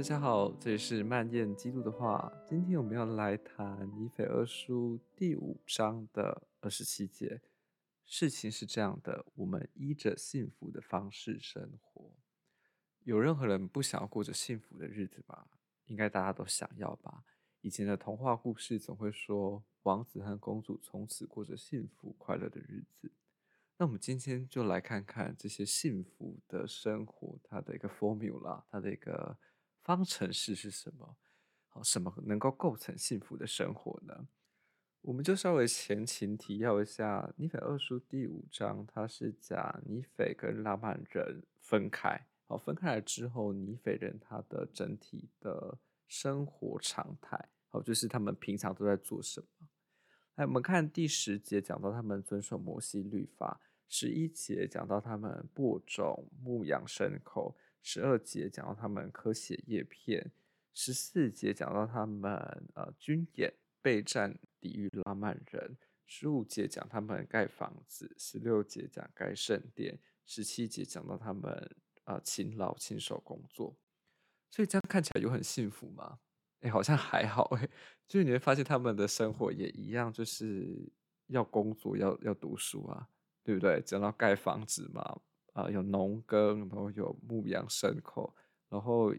大家好，這裡是漫燕記錄的話。今天我們要來談《尼腓二書》第五章的二十七節。事情是這樣的，我們依着幸福的方式生活。有任何人不想要過着幸福的日子吧？應該大家都想要吧？以前的童話故事總會說，王子和公主從此過着幸福快樂的日子。那我們今天就來看看這些幸福的生活，它的一個 formula，它的一個。方程式是什麼？好，什麼能夠構成幸福的生活呢？我們就稍微前情提要一下，《尼腓二書》第五章，它是講尼腓跟拉曼人分開。好，分開了之後，尼腓人他的整體的生活常態，好，就是他們平常都在做什麼。哎，我們看第十節講到他們遵守摩西律法，十一節講到他們播種、牧羊牲口。十二節講到他們科學葉片，十四節講到他們呃軍演備戰抵御拉曼人，十五節講他們蓋房子，十六節講蓋聖殿，十七節講到他們呃勤勞親手工作，所以這樣看起來有很幸福嗎？哎，好像還好哎，就是你會發現他們的生活也一樣，就是要工作要要讀書啊，對不對？講到蓋房子嘛。啊、呃，有農耕，然後有牧羊牲口，然後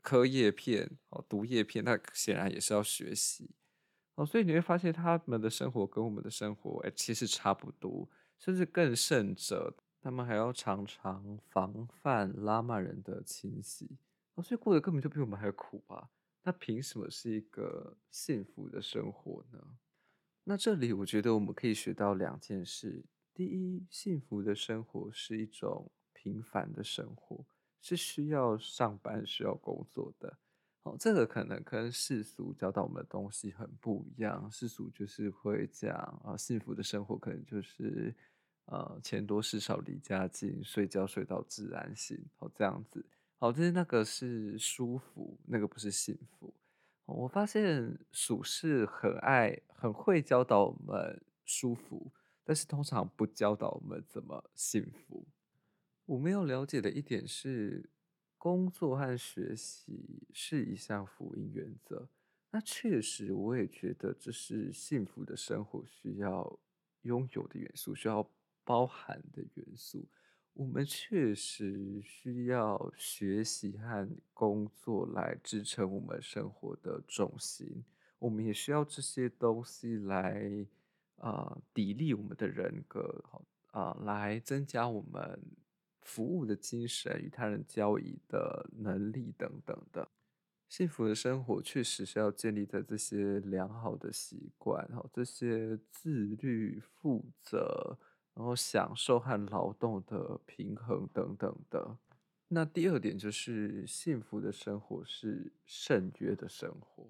刻葉片哦，讀葉片，那顯然也是要學習哦，所以你會發現他們的生活跟我們的生活哎、欸，其實差不多，甚至更甚者，他們還要常常防範拉曼人的侵襲哦，所以過得根本就比我們還苦啊。那憑什麼是一個幸福的生活呢？那這裡我覺得我們可以學到兩件事。第一，幸福的生活是一種平凡的生活，是需要上班、需要工作的。好，這個可能跟世俗教導我們的東西很不一樣。世俗就是會講啊，幸福的生活可能就是呃，錢多事少、離家近、睡覺睡到自然醒，好，這樣子。好，但是那個是舒服，那個不是幸福。好，我發現俗世很愛、很會教導我們舒服。但是通常不教導我們怎麼幸福。我們要了解的一點是，工作和學習是一項福音原則。那確實，我也覺得這是幸福的生活需要擁有的元素，需要包含的元素。我們確實需要學習和工作來支撐我們生活的重心。我們也需要這些東西來。啊、呃，砥礪我們的人格，啊、哦呃，來增加我們服務的精神、與他人交易的能力等等的。幸福的生活確實是要建立在這些良好的習慣，然、哦、這些自律、負責，然後享受和勞動的平衡等等的。那第二點就是，幸福的生活是聖約的生活。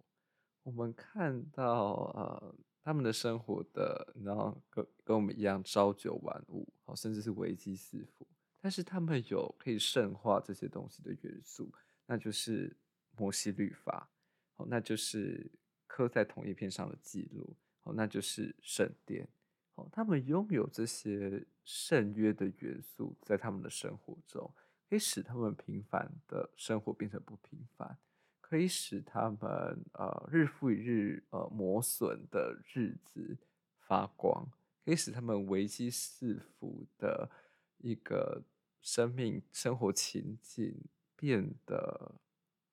我們看到，呃。他們的生活的，然後跟跟我們一樣朝九晚五，甚至是危機四伏，但是他們有可以聖化這些東西的元素，那就是摩西律法那就是刻在銅頁片上的記錄那就是聖殿。他們擁有這些聖約的元素在他們的生活中，可以使他們平凡的生活變成不平凡。可以使他們呃日復一日呃磨損的日子發光，可以使他們危機四伏的一個生命生活情境變得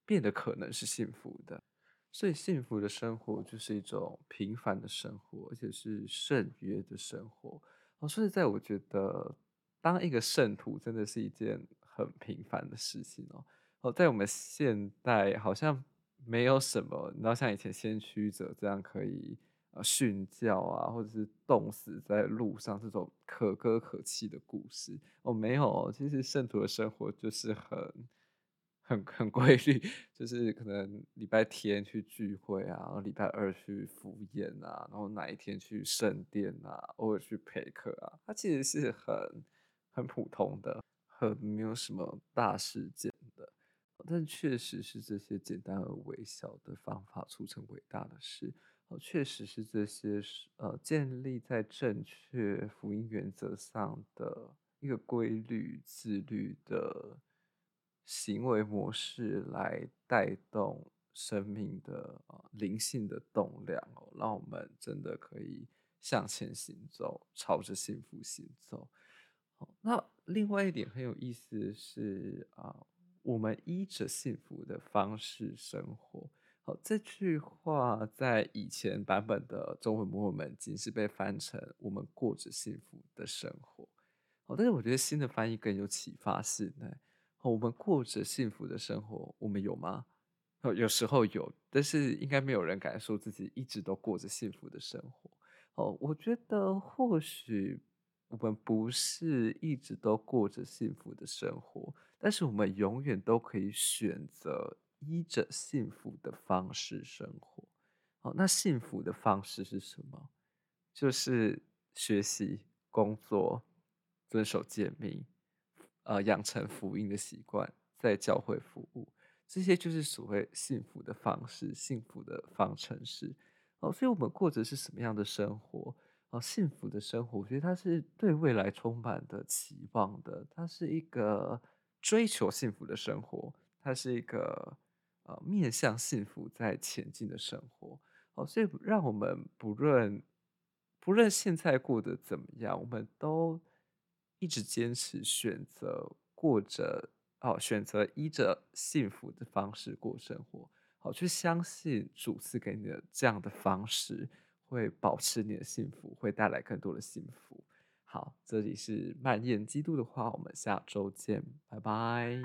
變得可能是幸福的。所以，幸福的生活就是一種平凡的生活，而且是聖約的生活。哦，所以在我覺得，當一個聖徒，真的是一件很平凡的事情哦。哦，在我們現代好像沒有什麼，你知道像以前先驅者這樣可以呃殉教啊，或者是凍死在路上這種可歌可泣的故事哦，沒有。其實聖徒的生活就是很很很規律，就是可能禮拜天去聚會啊，然後禮拜二去赴宴啊，然後哪一天去聖殿啊，偶爾去陪課啊，它其實是很很普通的，很沒有什麼大事件的。但確實是這些簡單而微小的方法促成偉大的事哦，確實是這些是呃建立在正確福音原則上的一個規律、自律的行為模式來帶動生命的、呃、靈性的動量哦，讓我們真的可以向前行走，朝着幸福行走。好、哦，那另外一點很有意思的是啊。呃我們依着幸福的方式生活。好，這句話在以前版本的《中文摩爾門經》是被翻成“我們過着幸福的生活”。好，但是我覺得新的翻譯更有啟發性、欸。哎，我們過着幸福的生活，我們有嗎？有時候有，但是應該沒有人敢說自己一直都過着幸福的生活。哦，我覺得或許我們不是一直都過着幸福的生活。但是我們永遠都可以選擇依着幸福的方式生活。好，那幸福的方式是什麼？就是學習、工作、遵守誡命，呃，養成福音的習慣，在教會服務。這些就是所謂幸福的方式，幸福的方程式。哦，所以我們過着是什麼樣的生活？哦，幸福的生活，所以它是對未來充滿的期望的，它是一個。追求幸福的生活，它是一個呃面向幸福在前進的生活哦，所以讓我們不論不論現在過得怎麼樣，我們都一直堅持選擇過着哦，選擇依着幸福的方式過生活，好，哦，去相信主賜給你的這樣的方式會保持你的幸福，會帶來更多的幸福。好，這裡是慢言基督的話，我們下周見，拜拜。